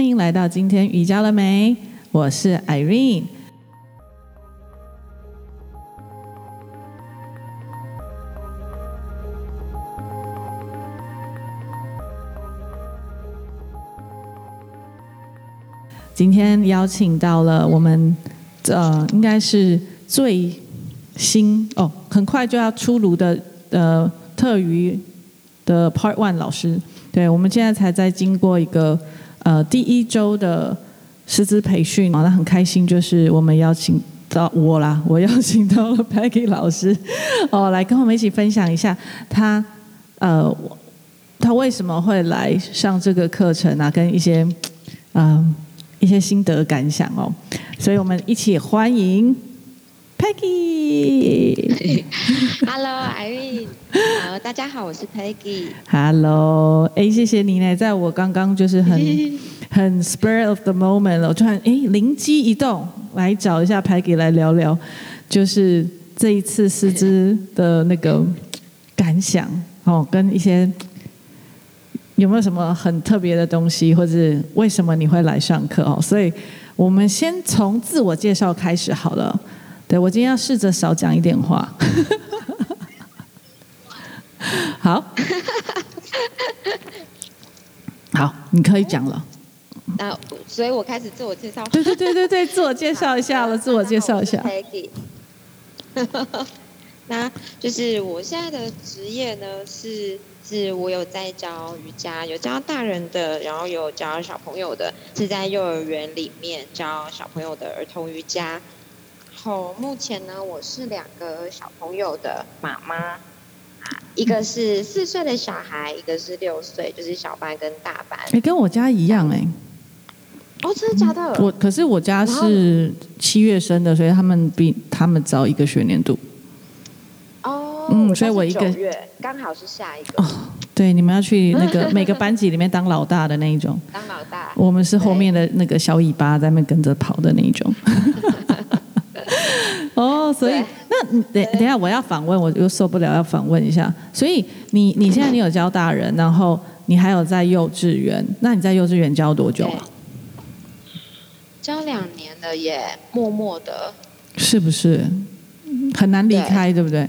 歡迎來到今天瑜伽了沒？我是 Irene。今天邀請到了我們呃，應該是最新哦，很快就要出爐的呃特瑜的 Part One 老師，對我們現在才在經過一個。呃，第一週的師資培訓啊，那很開心，就是我們邀請到我啦，我邀請到了 Peggy 老師，哦，來跟我們一起分享一下他呃，他為什麼會來上這個課程啊，跟一些嗯、呃、一些心得感想哦，所以我們一起歡迎。Peggy，Hello，Irene，Hey. mean. 大家好，我是 Peggy。Hello，哎、欸，謝謝你呢，在我剛剛就是很 很 spur of the moment 了，我突然哎靈機一動，來找一下 Peggy 來聊聊，就是這一次師資的那個感想哦，跟一些有沒有什麼很特別的東西，或者是為什麼你會來上課哦？所以我們先從自我介紹開始好了。對，我今天要試着少講一點話。 好， 好，你可以講了。那所以我開始自我介紹。 對對對對，自我，對、啊、自我介紹一下，啊、我自我介紹一下。 那就是我現在的職業呢，是是我有在教瑜伽，有教大人的，然後有教小朋友的，是在幼兒園裡面教小朋友的兒童瑜伽。哦、目前呢，我是兩個小朋友的媽媽，一個是四歲的小孩，一個是六歲，就是小班跟大班。哎、欸，跟我家一樣哎、欸。哦，真的假的？嗯、我可是我家是七月生的，所以他們比他們早一個學年度。哦，嗯，所以我一個月剛好是下一個。哦，對，你們要去那個每個班級裡面當老大的那一種。 當老大。我們是後面的那個小尾巴在那邊跟着跑的那一種。對 所以，對，那等等一下我要訪問，我又受不了要訪問一下。所以你，你你現在你有教大人，然後你還有在幼稚園，那你在幼稚園教多久啊？教兩年了，也默默的，是不是？很難離開，對，對不對？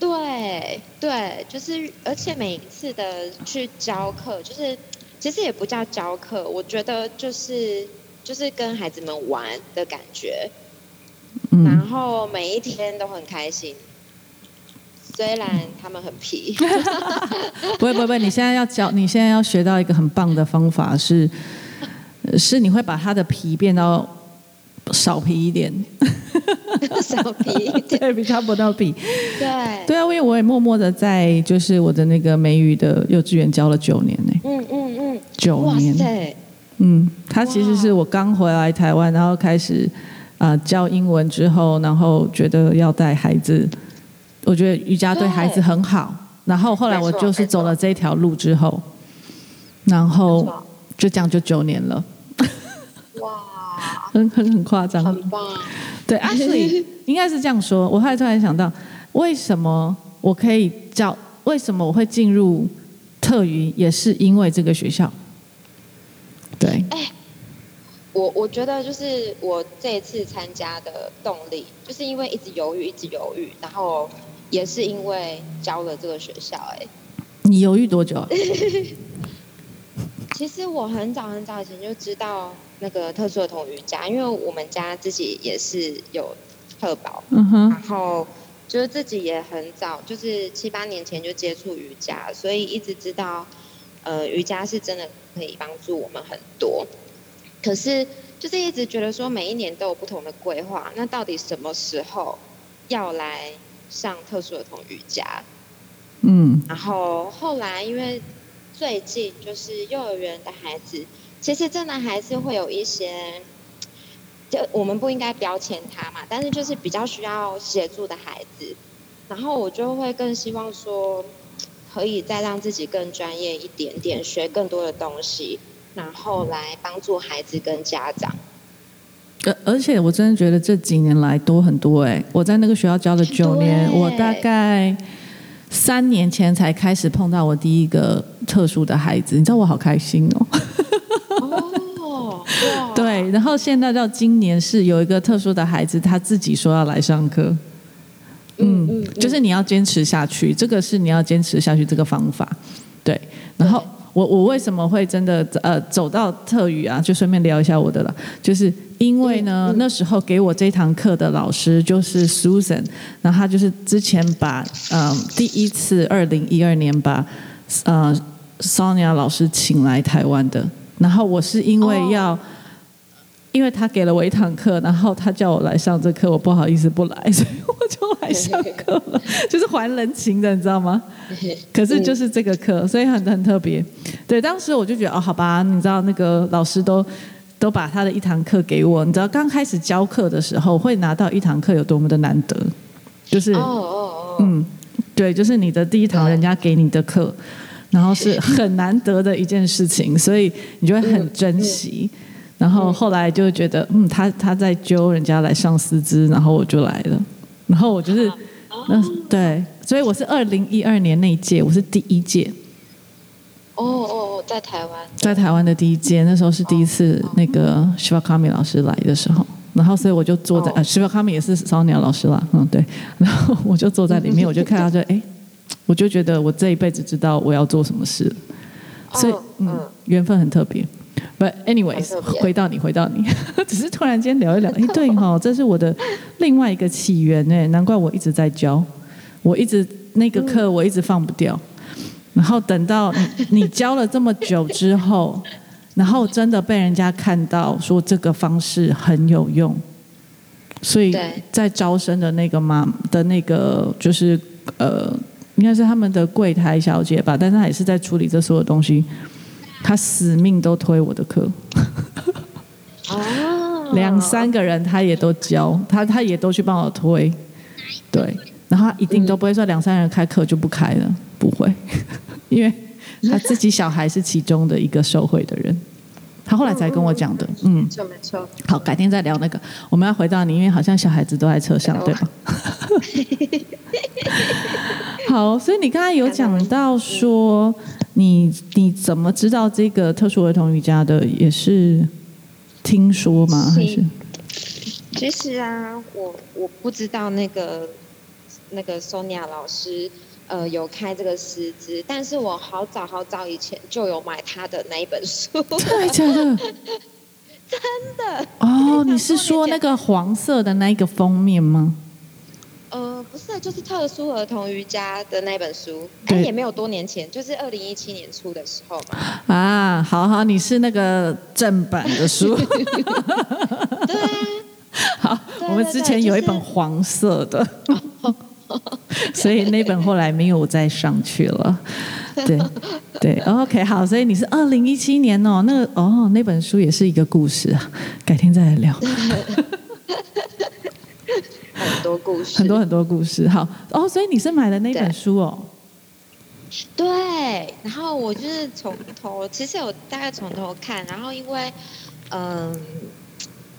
對對，就是而且每一次的去教課，就是其實也不叫教課，我覺得就是就是跟孩子們玩的感覺。嗯、然後每一天都很開心，雖然他們很皮。 不會不會，你現在要教，你現在要學到一個很棒的方法是，是你會把他的皮變到少皮一點， 少皮 對，比較不到皮，對對啊，因為我也默默的在就是我的那個美語的幼稚園教了九年呢、嗯，嗯嗯嗯，九年，哇塞，嗯，他其實是我剛回來台灣，然後開始。啊、呃，教英文之後，然後覺得要帶孩子，我覺得瑜伽對孩子很好。對然後後來我就是走了這條路之後，然後就這樣就九年了。哇， 很很很誇張，棒對，棒。對，還應該是這樣說。我後來突然想到，為什麼我可以教？為什麼我會進入特瑜？也是因為這個學校。對。欸我我覺得就是我這一次參加的動力，就是因為一直猶豫，一直猶豫，然後也是因為教了這個學校。哎，你猶豫多久啊？ 其實我很早很早以前就知道那個特殊兒童瑜伽，因為我們家自己也是有特保，嗯哼、uh-huh. 然後就是自己也很早，就是七八年前就接觸瑜伽，所以一直知道，呃，瑜伽是真的可以幫助我們很多。可是，就是一直覺得說每一年都有不同的規劃。那到底什麼時候要來上特殊兒童瑜伽？嗯。然後後來，因為最近就是幼兒園的孩子，其實真的還是會有一些，就我們不應該標籤他嘛。但是就是比較需要協助的孩子。然後我就會更希望說，可以再讓自己更專業一點點，學更多的東西。然後來幫助孩子跟家長，而而且我真的覺得這幾年來多很多哎！我在那個學校教了九年，對我大概三年前才開始碰到我第一個特殊的孩子，你知道我好開心哦！哦，對，然後現在到今年是有一個特殊的孩子，他自己說要來上課。嗯，嗯嗯，就是你要堅持下去，這個是你要堅持下去這個方法。對，然後。我我為什麼會真的呃走到特語啊？就順便聊一下我的了，就是因為呢、嗯、那時候給我這堂課的老師就是 Susan，然後他就是之前把嗯第一次二零一二年把呃 Sonia 老師請來台灣的，然後我是因為要，哦、因為他給了我一堂課，然後他叫我來上這課，我不好意思不來。所以 就來上課了，就是還人情的，你知道嗎？可是就是這個課，所以很很特別。對，當時我就覺得哦，好吧，你知道那個老師都都把他的一堂課給我，你知道剛開始教課的時候會拿到一堂課有多麼的難得，就是嗯，對，就是你的第一堂人家給你的課，然後是很難得的一件事情，所以你就會很珍惜。然後後來就覺得，嗯，他他在揪人家來上師資，然後我就來了。然後我就是，嗯，對，所以我是二零一二年那一屆，我是第一屆。哦哦哦，在台灣，在台灣的第一屆，那時候是第一次那個 Shivakami 老師來的時候，然後所以我就坐在，oh. 呃、Shivakami 也是 Sonia 老師啦，嗯，對，然後我就坐在裡面，我就看到說，哎 對，我就覺得我這一輩子知道我要做什麼事，所以嗯，緣分很特別。But anyways，回到你，回到你， 只是突然間聊一聊。痛欸、對哈、哦，這是我的另外一個起源哎，難怪我一直在教，我一直那個課我一直放不掉。嗯、然後等到你，你教了這麼久之後， 然後真的被人家看到說這個方式很有用，所以在招生的那個嘛的那個，就是呃，應該是他們的櫃檯小姐吧，但是她也是在處理這所有東西。他死命都推我的課，哦，兩三個人他也都教，他他也都去幫我推，對，然後他一定都不會說兩三人開課就不開了，不會，因為他自己小孩是其中的一個受惠的人，他後來才跟我講的，嗯，沒錯沒錯，好，改天再聊那個，我們要回到你，因為好像小孩子都在車上，對吧？好，所以你剛才有講到說。你你怎麼知道這個特殊兒童瑜伽的？也是聽說嗎？還是？是其實啊，我我不知道那個那個 Sonia 老師呃有開這個師資，但是我好早好早以前就有買他的那一本書。對，真的？ 真的？哦，oh，你是說那個黃色的那一個封面嗎？呃，不是，就是特殊兒童瑜伽的那本書，哎，對，但也沒有多年前，就是二零一七年初的時候嘛。啊，好好，你是那個正版的書。對，好，我們之前有一本黃色的，所以那本後來沒有再上去了。 對對，OK，好，所以你是二零一七年哦，那個哦，那本書也是一個故事啊，改天再來聊。 很多故事，很多很多故事。好，哦，所以你是買了那本書哦？對，然後我就是從頭，其實我大概從頭看，然後因為，嗯，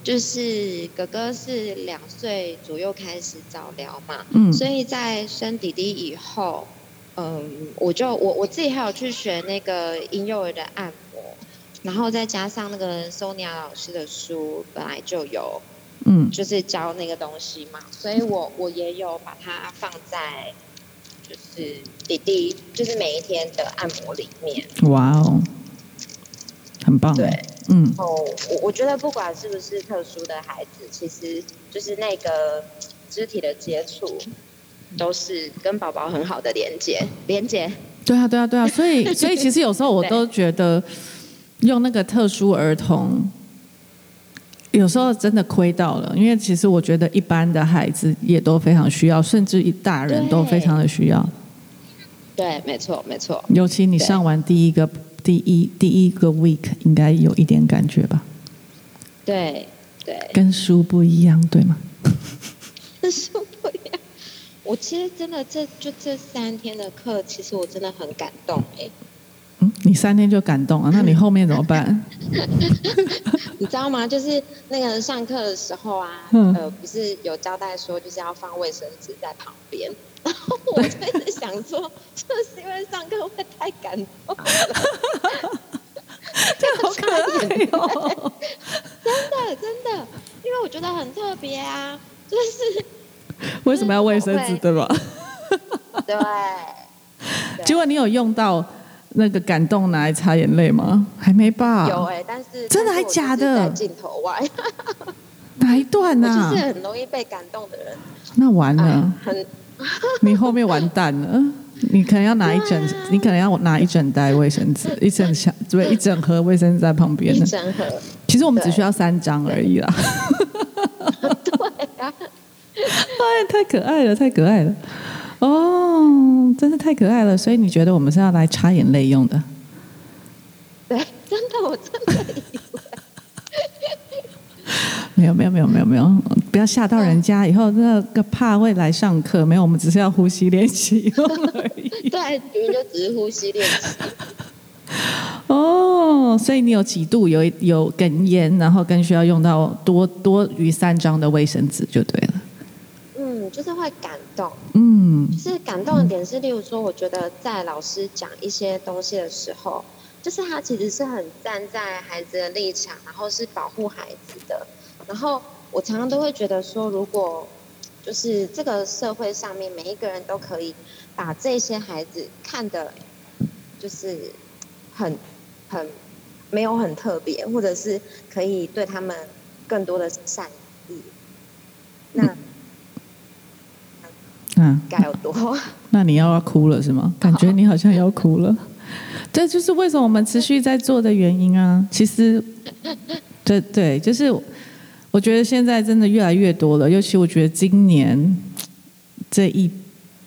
就是哥哥是兩歲左右開始早療嘛，嗯，所以在生弟弟以後，嗯，我就我我自己還有去學那個嬰幼兒的按摩，然後再加上那個索尼婭老師的書本來就有。嗯，就是教那個東西嘛，所以我我也有把它放在，就是弟弟，就是每一天的按摩裡面。哇哦，很棒。對，嗯。哦，我我覺得不管是不是特殊的孩子，其實就是那個肢體的接觸，都是跟寶寶很好的連接，連接。對啊，對啊，對啊。所以，所以其實有時候我都覺得，用那個特殊兒童。有時候真的虧到了，因為其實我覺得一般的孩子也都非常需要，甚至於大人都非常的需要。對，對，沒錯，沒錯。尤其你上完第一個對第一第一個 week，應該有一點感覺吧？對，對，跟書不一樣，對嗎？跟書不一樣，我其實真的這就這三天的課，其實我真的很感動誒。嗯、你三天就感動了，那你後面怎麼辦？ 你知道嗎？就是那個上課的時候啊，嗯、呃，不是有交代說就是要放衛生紙在旁邊，然後我就是想說， 就是因為上課會太感動了， 這好感動、哦、 真的真的，因為我覺得很特別啊，就是為什麼要衛生紙，會對吧？對。結果對你有用到。那個感動拿來擦眼淚嗎？還沒吧、啊？有哎、欸，但是真的還是假的？在鏡頭外，哪一段呢？啊？我就是很容易被感動的人。那完了，很， 你後面完蛋了。你可能要拿一整，啊、你可能要拿一整袋衛生紙， 一整箱，對，一整盒衛生紙在旁邊呢。一整盒，其實我們只需要三張而已啦。對， 對啊，哎，太可愛了，太可愛了。哦，oh, 真是太可愛了，所以你覺得我們是要來擦眼淚用的？對，真的，我真的以為 沒。沒有沒有沒有沒有沒有，不要嚇到人家，以後那個怕會來上課。沒有，我們只是要呼吸練習用而已。 對，你就只是呼吸練習。哦 ，oh, 所以你有幾度有有哽咽，然後更需要用到多多於三張的衛生紙就對了。嗯，就是會感動。嗯，就是感動的點是，例如說，我覺得在老師講一些東西的時候，就是他其實是很站在孩子的立場，然後是保護孩子的。然後我常常都會覺得說，如果就是這個社會上面每一個人都可以把這些孩子看得，就是很很沒有很特別，或者是可以對他們更多的善意那、嗯，那。嗯，該有多？那你要，要哭了是嗎？感覺你好像要哭了。這 就是為什麼我們持續在做的原因啊。其實，對對，就是我覺得現在真的越來越多了，尤其我覺得今年這一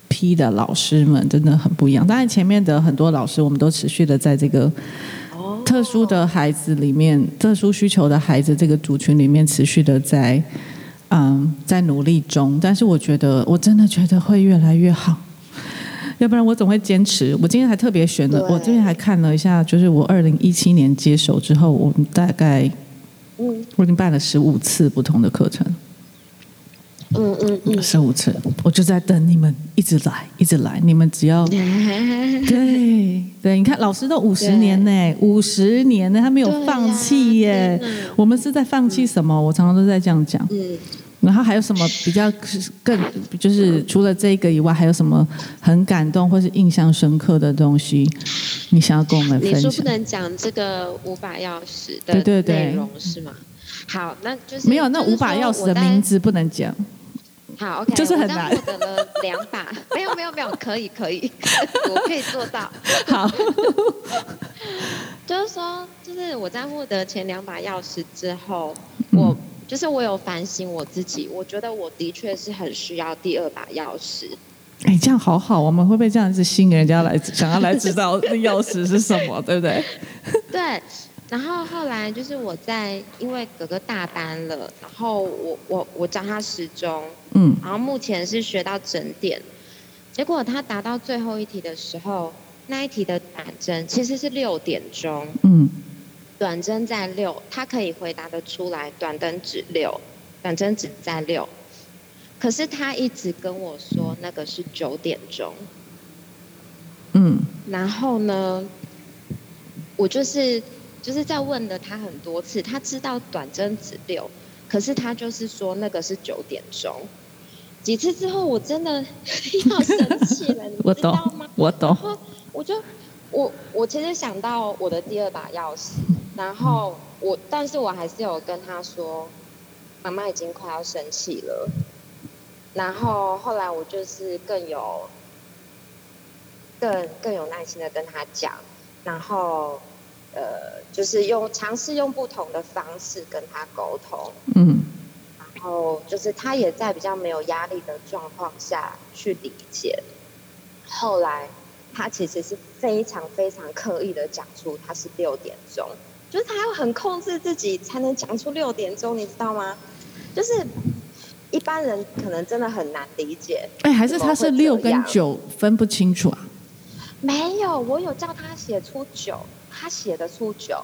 批的老師們真的很不一樣。當然，前面的很多老師，我們都持續的在這個特殊的孩子裡面、哦、特殊需求的孩子這個族群裡面持續的在。嗯，um, 在努力中，但是我覺得，我真的覺得會越來越好。 要不然我總會堅持。我今天還特別選了，對我今天還看了一下，就是我二零一七年接手之後，我們大概，嗯、我已經辦了十五次不同的課程。嗯嗯，十、嗯、五、嗯、次，我就在等你們一直來，一直來。你們只要，對對，對，你看老師都五十年呢，五十對年呢，他沒有放棄耶。啊、我們是在放棄什麼？嗯、我常常都在這樣講。嗯然後還有什麼比較更就是除了這個以外，還有什麼很感動或是印象深刻的東西？你想要跟我們分享？你說不能講這個五把鑰匙的內容是嗎？對對對。好，那就是沒有那五把鑰匙的名字不能講。我在，好，okay, 就是很難。我獲得了兩把，沒有沒有沒有，可以可以我可以做到。好， 就是說，就是我在獲得前兩把鑰匙之後，我。嗯就是我有反省我自己，我覺得我的確是很需要第二把鑰匙。哎，這樣好好，我們會不會這樣子吸引人家來， 想要來知道那鑰匙是什麼，對不對？對。然後後來就是我在因為哥哥大班了，然後我我我教他時鐘，嗯，然後目前是學到整點。結果他答到最後一題的時候，那一題的錶針其實是六點鐘，嗯。短針在六，他可以回答得出來，短針指六，短針指在六，可是他一直跟我說那個是九點鐘。嗯。然後呢，我就是就是在問了他很多次，他知道短針指六，可是他就是說那個是九點鐘。幾次之後我真的要生氣了， 你知道嗎？我懂。我懂。然後我就我我其實想到我的第二把鑰匙。然後我，但是我還是有跟他說，媽媽已經快要生氣了。然後後來我就是更有，更，更有耐心的跟他講，然後呃，就是用嘗試用不同的方式跟他溝通。嗯。然後就是他也在比較沒有壓力的狀況下去理解。後來他其實是非常非常刻意的講出他是六點鐘。就是他要很控制自己才能講出六點鐘，你知道嗎？就是一般人可能真的很難理解。哎、欸，還是他是六跟九分不清楚啊？沒有，我有叫他寫出九，他寫得出九。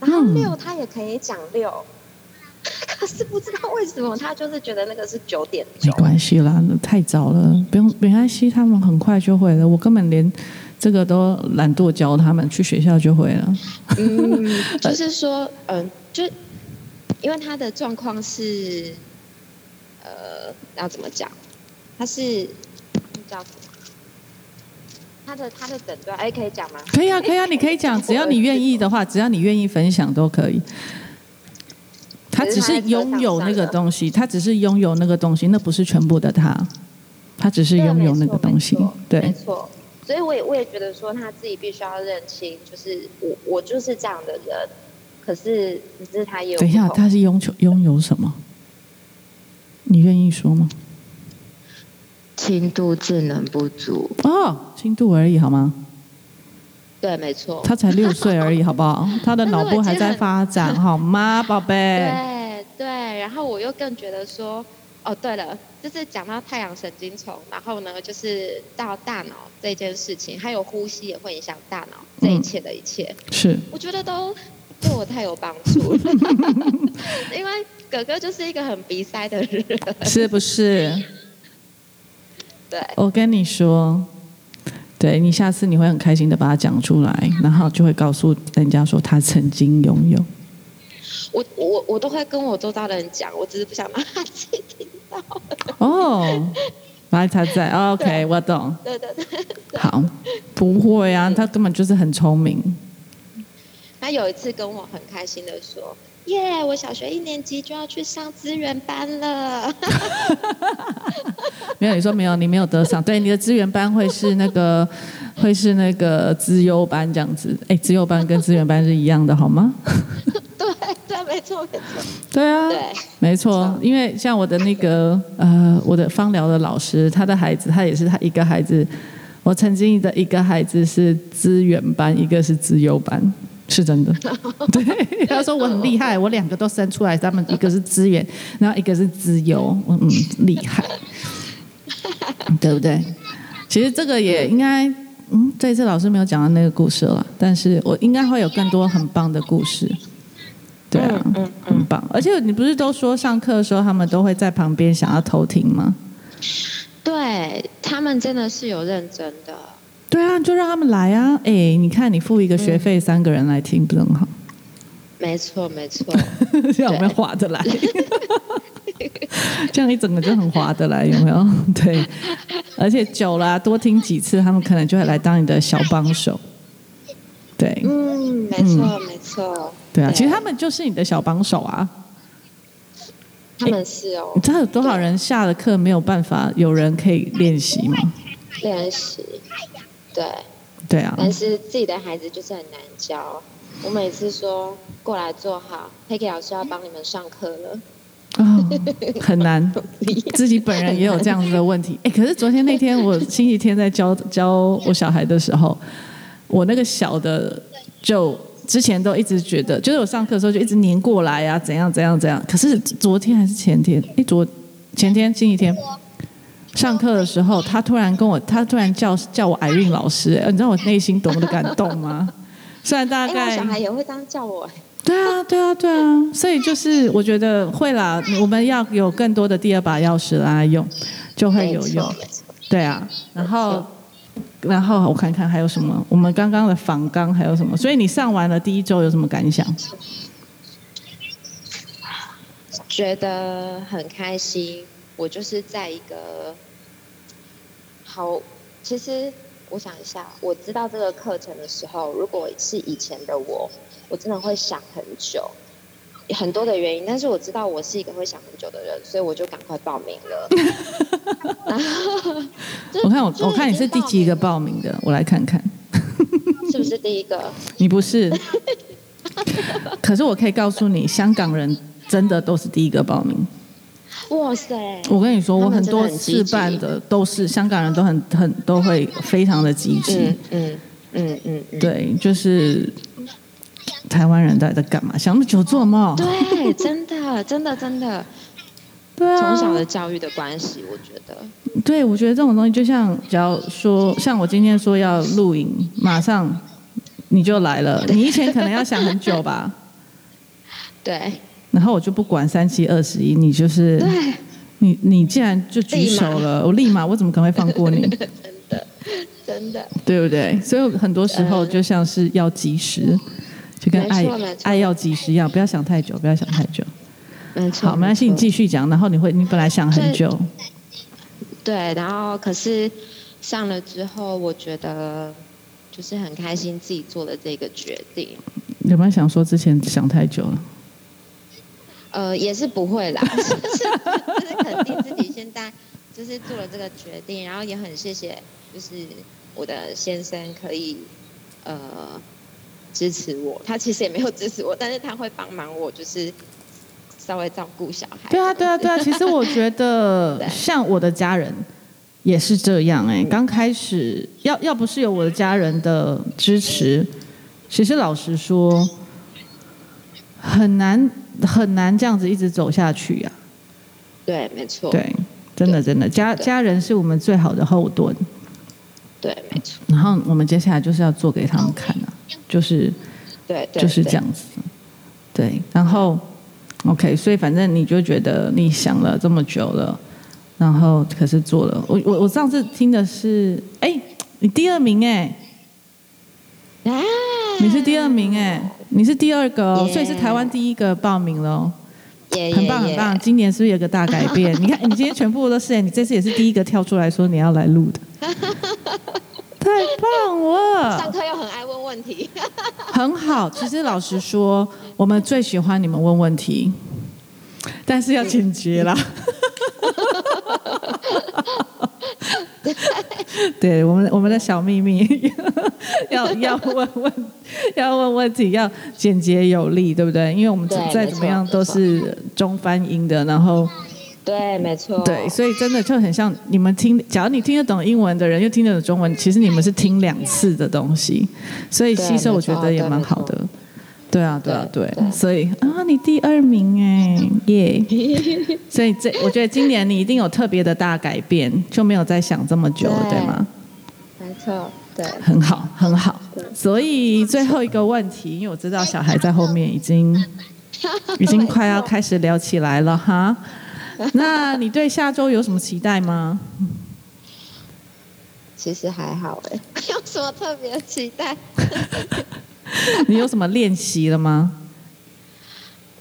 然後六他也可以講六，嗯、可是不知道為什麼他就是覺得那個是九點。沒關係啦，那太早了，不用，沒關係，他們很快就會了。我根本連。這個都懶惰教他們，去學校就會了。 嗯、就是說，嗯、呃，就因為他的狀況是，呃，要怎麼講？他是叫什麼？他的他的診斷，哎，可以講嗎？可以啊，可以啊，可以啊，你可以講，以只要你願意的話，會只要你願意分享都可以。他只，只他，他只是擁有那個東西，他只是擁有那個東西，那不是全部的他，他只是擁有那個東西，對，沒錯。所以我也我也覺得說他自己必須要認清，就是我我就是這樣的人，可是可是他有，等一下，他是擁有擁有什麼？你願意說嗎？輕度智能不足。哦，輕度而已好嗎？對，沒錯，他才六歲而已好不好？ 他的腦部還在發展好嗎，寶貝？對對，然後我又更覺得說。哦，oh, 對了，就是講到太陽神經叢，然後呢，就是到大腦這件事情，還有呼吸也會影響大腦這一切的一切。嗯、是，我覺得都對我太有幫助了， 因為哥哥就是一個很鼻塞的人，是不是？ 對，我跟你說，對，你下次你會很開心的把它講出來， 然後就會告訴人家說他曾經擁有。我我我都會跟我周遭的人講，我只是不想讓他。哦，原來他在 OK，對我懂。對對對，對對好，對不會啊，對他根本就是很聰明。他有一次跟我很開心的說：“耶、yeah,，我小學一年級就要去上資源班了。 ” 沒有，你說沒有，你沒有得上。對，你的資源班會是那個，會是那個資優班這樣子。哎，資優班跟資源班是一樣的好嗎？ 對。沒錯，對啊，沒錯，因為像我的那個 呃，我的芳療的老師，他的孩子，他也是他一個孩子。我曾經的一個孩子是資源班，一個是資優班，是真的。 對，他說我很厲害， 我兩個都生出來，他們一個是資源，然後一個是資優。我，嗯嗯，厲害， 對不對？其實這個也應該，嗯，這一次老師沒有講到那個故事了，但是我應該會有更多很棒的故事。對啊，嗯，很棒。而且你不是都說上課的時候他們都會在旁邊想要偷聽嗎？對，他們真的是有認真的。對啊，你就讓他們來啊！哎，你看你付一個學費，三個人來聽，不是很好？沒錯，沒錯，這樣會划得來。 這樣一整個就很划得來，有沒有？對，而且久了，啊，多聽幾次，他們可能就會來當你的小幫手。對，嗯，沒錯，嗯、沒錯。對啊，其實他們就是你的小幫手啊。他們是哦。你知道有多少人下了課沒有辦法有人可以練習嗎？練習。對。對啊。但是自己的孩子就是很難教。我每次說，過來坐好，Peggy 老師要幫你們上課了。啊、哦，很難。很自己本人也有這樣子的問題。哎難，可是昨天那天我星期天在教教我小孩的時候，我那個小的就。之前都一直覺得，就是我上課的時候就一直黏過來啊。怎樣怎樣怎樣。可是昨天還是前天，誒，昨前天今幾天我上課的時候，他突然跟我，他突然叫叫我艾韻老師、欸，你知道我內心多麼的感動嗎？雖然大概，欸、我小孩也會當叫我對、啊。對啊，對啊，對啊。所以就是我覺得會啦，我們要有更多的第二把鑰匙來用，就會有用。對啊，然後。然後我看看還有什麼，我們剛剛的訪綱還有什麼？所以你上完了第一周有什麼感想？覺得很開心。我就是在一個好，其實我想一下，我知道這個課程的時候，如果是以前的我，我真的會想很久，很多的原因，但是我知道我是一個會想很久的人，所以我就趕快報名了。 我看我我看你是第幾個報名的，我來看看 是不是第一個？你不是。 可是我可以告訴你，香港人真的都是第一個報名。哇塞！我跟你說，他們 我很多次辦的都是香港人都很很都會非常的積極、嗯。嗯嗯嗯，嗯對，就是。台灣人在在幹嘛？想那麼久做夢、哦。對，真的，真的，真的。對啊，從小的教育的關係，我覺得。對，我覺得這種東西就像，只要說，像我今天說要錄影，馬上你就來了。對你以前可能要想很久吧。對。然後我就不管三七二十一，你就是。對你你既然就舉手了，立馬我立馬，我怎麼可能會放過你？真的，真的。對不對？所以很多時候就像是要及時。就跟愛愛要及時一樣，不要想太久，不要想太久。沒錯，好，沒錯。沒關係，你繼續講。然後你會，你本來想很久，對，對，然後可是上了之後，我覺得就是很開心自己做了這個決定。有沒有想說之前想太久了？呃，也是不會啦， 就是肯定自己現在就是做了這個決定，然後也很謝謝，就是我的先生可以呃。支持我，他其實也沒有支持我，但是他會幫忙我，就是稍微照顧小孩。對啊，對啊，對啊！其實我覺得，像我的家人也是這樣哎。對。剛開始要要不是有我的家人的支持，其實老實說，很難很難這樣子一直走下去呀。對，沒錯。對，真的真的，真的家家人是我們最好的後盾。對，沒錯。然後我們接下來就是要做給他們看啊。就是，對，對，對，就是這樣子，對。然後，OK，所以反正你就覺得你想了這麼久了，然後可是做了。我我我上次聽的是，哎，你第二名哎，啊，你是第二名哎，你是第二個哦，yeah, 所以是台灣第一個報名嘍，yeah, 很棒很棒。Yeah, yeah, 今年是不是有一個大改變？ 你看，你今天全部都是哎，你這次也是第一個跳出來說你要來錄的。 太棒了！上課又很愛問問題，很好。其實老實說，我們最喜歡你們問問題，但是要簡潔啦。 對，對，我們我們的小秘密，要要問問要問問題要簡潔有力，對不對？因為我們再怎麼樣都是中翻英的，然後。對，沒錯。對，所以真的就很像你們聽，假如你聽得懂英文的人，又聽得懂中文，其實你們是聽兩次的東西，所以吸收我覺得也蠻好的。對，對，對啊，對啊，對。對對所以啊，你第二名哎，耶！Yeah！ 所以這我覺得今年你一定有特別的大改變，就沒有再想這麼久了，對，對嗎？沒錯，對。很好，很好。對所以錯最後一個問題，因為我知道小孩在後面已經，已經快要開始聊起來了哈。 那你對下周有什麼期待嗎？其實還好哎，沒有什麼特別期待。 你有什麼練習了嗎？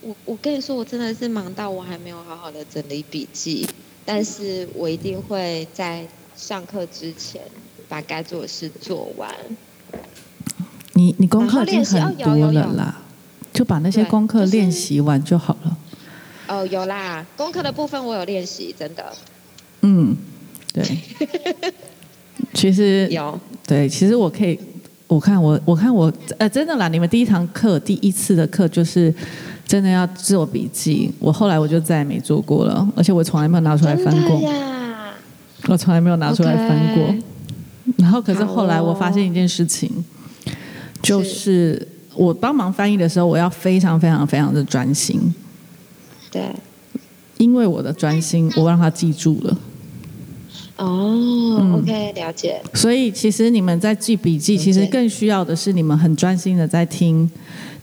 我我跟你說，我真的是忙到我還沒有好好的整理筆記，但是我一定會在上課之前把該做的事做完。你你功課已經很多了啦，哦、有有有。就把那些功課練習完就好了。哦，有啦，功課的部分我有練習，真的。嗯，對。 其實有，對，其實我可以，我看我，我看我，呃，真的啦，你們第一堂課第一次的課就是真的要做筆記，我後來我就再也沒做過了，而且我從來沒有拿出來翻過呀，我從來沒有拿出來翻過。Okay. 然後，可是後來我發現一件事情，哦、就是，是我幫忙翻譯的時候，我要非常非常非常的專心。對，因為我的專心，我讓他記住了。哦、oh,，OK，了解。所以其實你們在記筆記，對其實更需要的是你們很專心的在聽，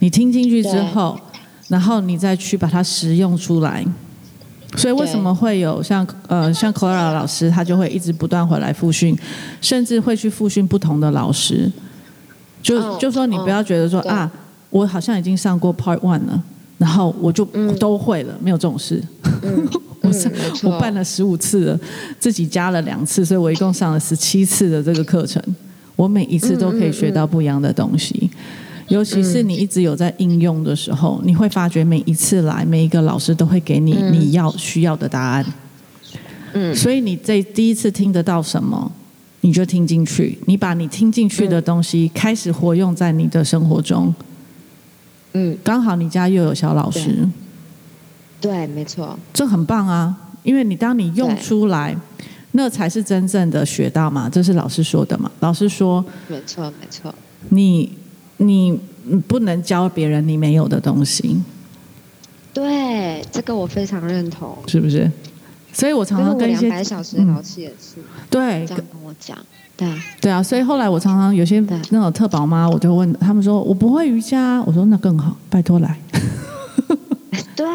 你聽進去之後，對然後你再去把它實用出來。所以為什麼會有像對呃像 Clara 老師，她就會一直不斷回來復訓，甚至會去復訓不同的老師，就、oh, 就說你不要覺得說、oh, 啊，對我好像已經上過 Part One 了。然後我就都會了，嗯、沒有這種事。我我辦了十五次了，自己加了兩次，所以我一共上了十七次的這個課程。我每一次都可以學到不一樣的東西，嗯嗯嗯、尤其是你一直有在應用的時候，你會發覺每一次來，每一個老師都會給你你要需要的答案。嗯，所以你在第一次聽得到什麼，你就聽進去，你把你聽進去的東西開始活用在你的生活中。嗯，剛好你家又有小老師，對，對，沒錯，這很棒啊！因為你當你用出來，對那才是真正的學到嘛，這是老師說的嘛。老師說，嗯、沒錯沒錯，你你不能教別人你沒有的東西，對，這個我非常認同，是不是？所以我常常跟一些小時老師也是，嗯嗯、對，這樣跟我講。對啊，對啊，所以後來我常常有些那種特寶媽，我就問他們說：“我不會瑜伽啊。”我說：“那更好，拜托來。”嗯，對，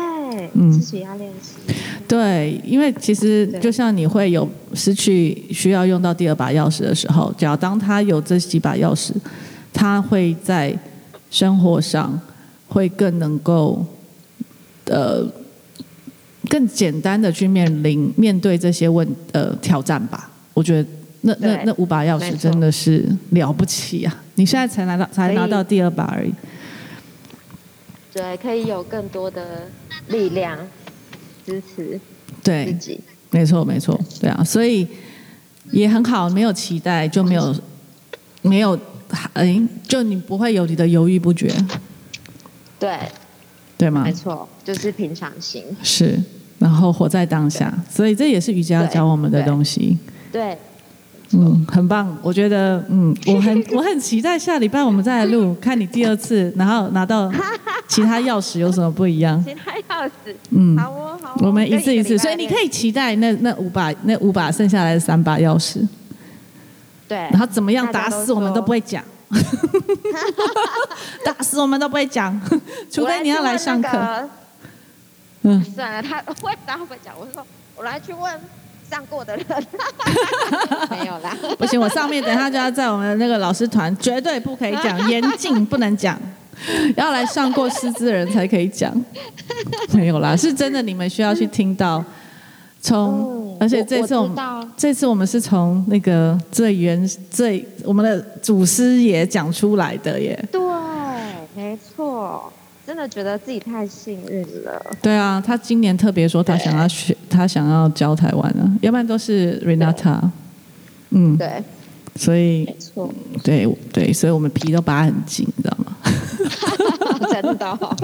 嗯，自己要練習。對，因為其實就像你會有失去需要用到第二把鑰匙的時候，只要當他有這幾把鑰匙，他會在生活上會更能夠呃更簡單的去面臨面對這些問呃挑戰吧。我覺得。那對那那五把鑰匙真的是了不起啊！錯你現在才拿到，才拿到第二把而已。對，可以有更多的力量支持對自己。沒錯，沒錯，對啊，所以也很好，沒有期待就沒有、就是、沒有、哎、就你不會有你的猶豫不決。對，對嗎？沒錯，就是平常心。是，然後活在當下，對所以這也是瑜伽教我們的東西。對。對嗯，很棒。我覺得，嗯，我很我很期待下禮拜我們再來錄， 看你第二次，然後拿到其他鑰匙有什麼不一樣。 其他鑰匙，嗯好、哦，好哦，好。我們一次一次，一所以你可以期待那那五把那五把剩下來的三把鑰匙。對。然後怎麼樣打死我們都不會講。 打死我們都不會講， 除非你要來上課。那個、嗯。算了，他會打死不會講。我說我來去問。上過的人， 沒有啦。 不行，我上面等一下就要在我們那個老師團，絕對不可以講，嚴禁不能講，要來上過師資的人才可以講。沒有啦，是真的，你們需要去聽到從。從、嗯、而且這次我們，我知道啊、這次我們是從那個最原最我們的祖師爺講出來的耶。對，沒錯。真的覺得自己太幸運了。對啊，他今年特別說他想要學，對他想要教台灣啊，要不然都是 Renata。對嗯，對，所以，沒錯，對對，所以我們皮都扒很緊，你知道嗎？ 真的、哦、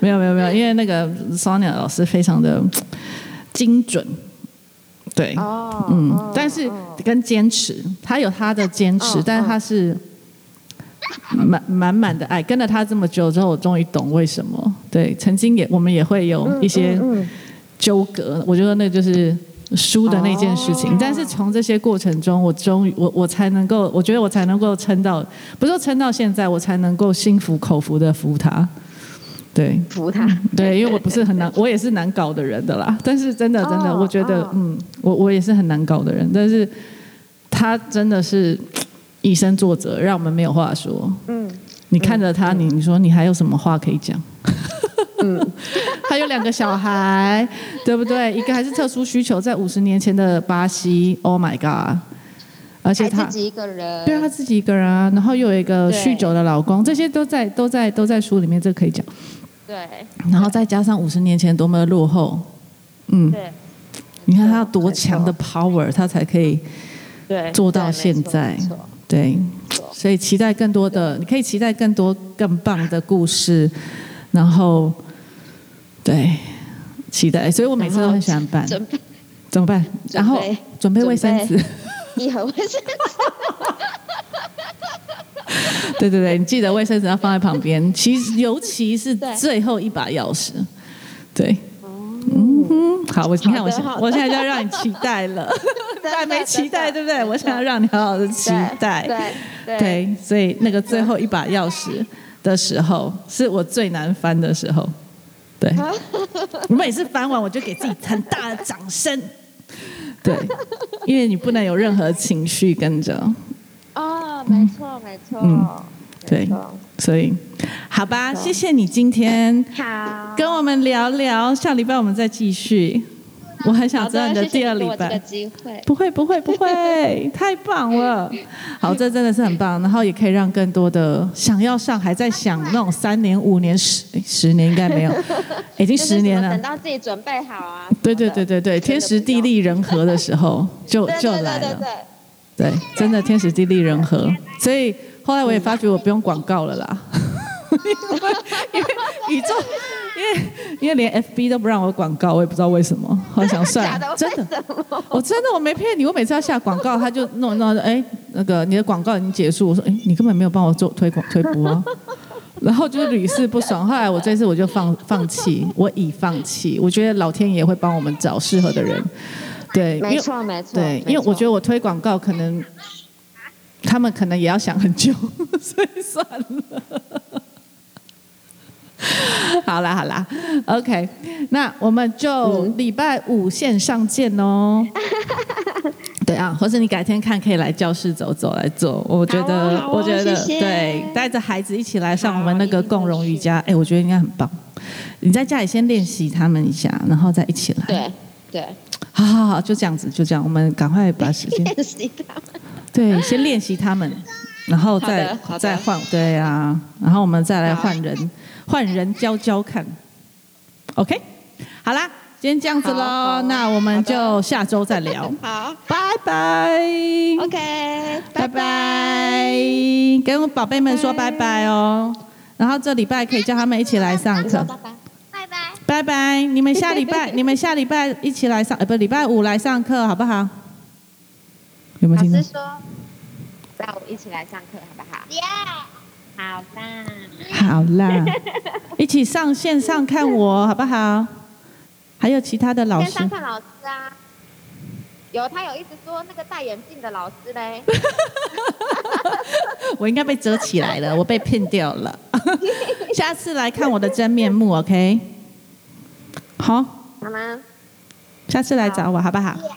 沒有沒有沒有，因為那個 Sonya 老師非常的精準。對，哦，嗯，但是跟堅持，哦、他有他的堅持，哦、但是他是。滿滿滿的愛，跟了他這麼久之後，我終於懂為什麼。對，曾經也我們也會有一些糾葛，我覺得那就是輸的那件事情。但是從這些過程中，我終於我我才能夠，我覺得我才能夠撐到，不是說撐到現在，我才能夠心服口服的服他。對，服他。對，因為我不是很難，我也是難搞的人的啦。但是真的真的，我覺得嗯，我我也是很難搞的人，但是他真的是，以身作則，讓我們沒有話說。嗯，你看着他，你你說你還有什麼話可以講？嗯，他有兩個小孩，對不對？一個還是特殊需求，在五十年前的巴西，Oh my God！而且他自己一個人，對，他自己一個人啊。然後又有一個酗酒的老公，這些都在都在都在書裡面，這可以講。對。然後再加上五十年前多麼的落後，嗯，對。你看他有多強的 power，他才可以做到現在。對，所以期待更多的，對你可以期待更多更棒的故事，然後對，期待。所以我每次都很想辦，準備後怎麼辦？備然後準備衛生紙，一盒衛生紙。 對對對，你記得衛生紙要放在旁邊，其實尤其是最後一把鑰匙，對。嗯，好，我你看得我現，我現在就要讓你期待了， 的但沒期待，的對不對？沒錯 我想要讓你好好的期待，對，對，對，對，所以那個最後一把鑰匙的時候，是我最難翻的時候，對。我 每次翻完，我就給自己很大的掌聲，對，因為你不能有任何情緒跟着。哦，沒錯，沒錯，嗯，沒錯嗯，對。所以，好吧，謝謝你今天跟我們聊聊。下禮拜我們再繼續。我很想知道你的第二禮拜。不會不會不會，太棒了。好，這真的是很棒，然後也可以讓更多的想要上，還在想，那種三年、五年、十十年應該沒有，已經十年了。等到自己準備好啊。對對對對對，天時地利人和的時候，就就來了。對對對，真的天時地利人和，所以。後來我也發覺我不用廣告了啦， 因為宇宙，因為因為連 FB 都不讓我廣告，我也不知道為什麼。好像想算了假的，真的，我真的我沒騙你，我每次要下廣告，他就弄弄，哎、no, no, no,，那個你的廣告已經結束。我說，哎，你根本沒有幫我做推廣推播，啊， 然後就屢試不爽。後來我這次我就放放棄，我已放棄。我覺得老天爺會幫我們找適合的人，對，沒錯沒錯，沒錯對，錯因為我覺得我推廣告可能。他們可能也要想很久，所以算了。 好啦好啦，OK，那我們就禮拜五線上見哦。 對啊，或者你改天看可以來教室走走來做，我覺得、哦哦、我覺得謝謝對，帶着孩子一起來上我們那個共融瑜伽，哎，我覺得應該很棒。你在家裡先練習他們一下，然後再一起來。對對，對好好好，就這樣子，就這樣，我們趕快把時間。練習他們對，先練習他們，然後再再換，對啊，然後我們再來換人，換好人教教看，OK，好啦，今天這樣子嘍，那我們就下周再聊，好的，拜拜，OK，拜拜，拜拜，跟寶貝們說拜拜哦，Okay. 然後這禮拜可以叫他們一起來上課，拜拜，拜拜，拜拜，你們下禮拜你們下禮拜一起來上，呃、 欸，不，禮拜五來上課好不好？有沒有聽到？老師說，下午一起來上課好不好？Yeah. 好啦，好啦，一起上線上看我好不好？還有其他的老師？看老師啊，有他有一直說那個戴眼鏡的老師嘞。 我應該被遮起來了，我被騙掉了。 下次來看我的真面目 Yeah.，OK？好，好嗎？下次來找我好不好？Yeah.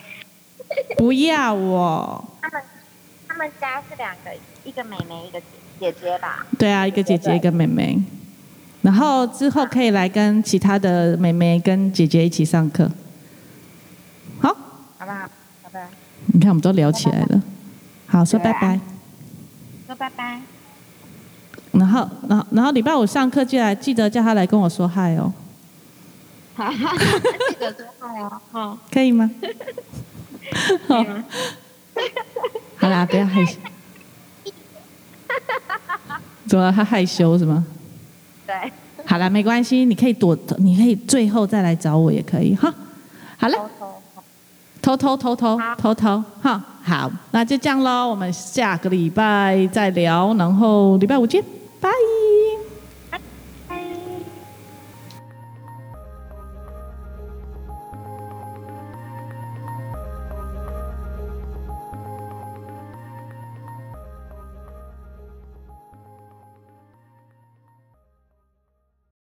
不要我。他們他們家是兩個，一個妹妹一個姐姐吧？對啊，一個姐姐一個妹妹，然後之後可以來跟其他的妹妹跟姐姐一起上課。好，好不好？拜拜。你看，我們都聊起來了。好，說拜拜。說拜拜。然後，然後，禮拜五上課就來，記得叫他來跟我說嗨哦。好，記得說嗨哦。好，可以嗎？ 好，好了，不要害羞。怎麼他害羞是嗎？對。好了，沒關係，你可以躲，你可以最後再來找我也可以。哈，好了，偷偷偷偷偷偷，哈好，好，好，那就這樣嘍，我們下個禮拜再聊，然後禮拜五見，拜。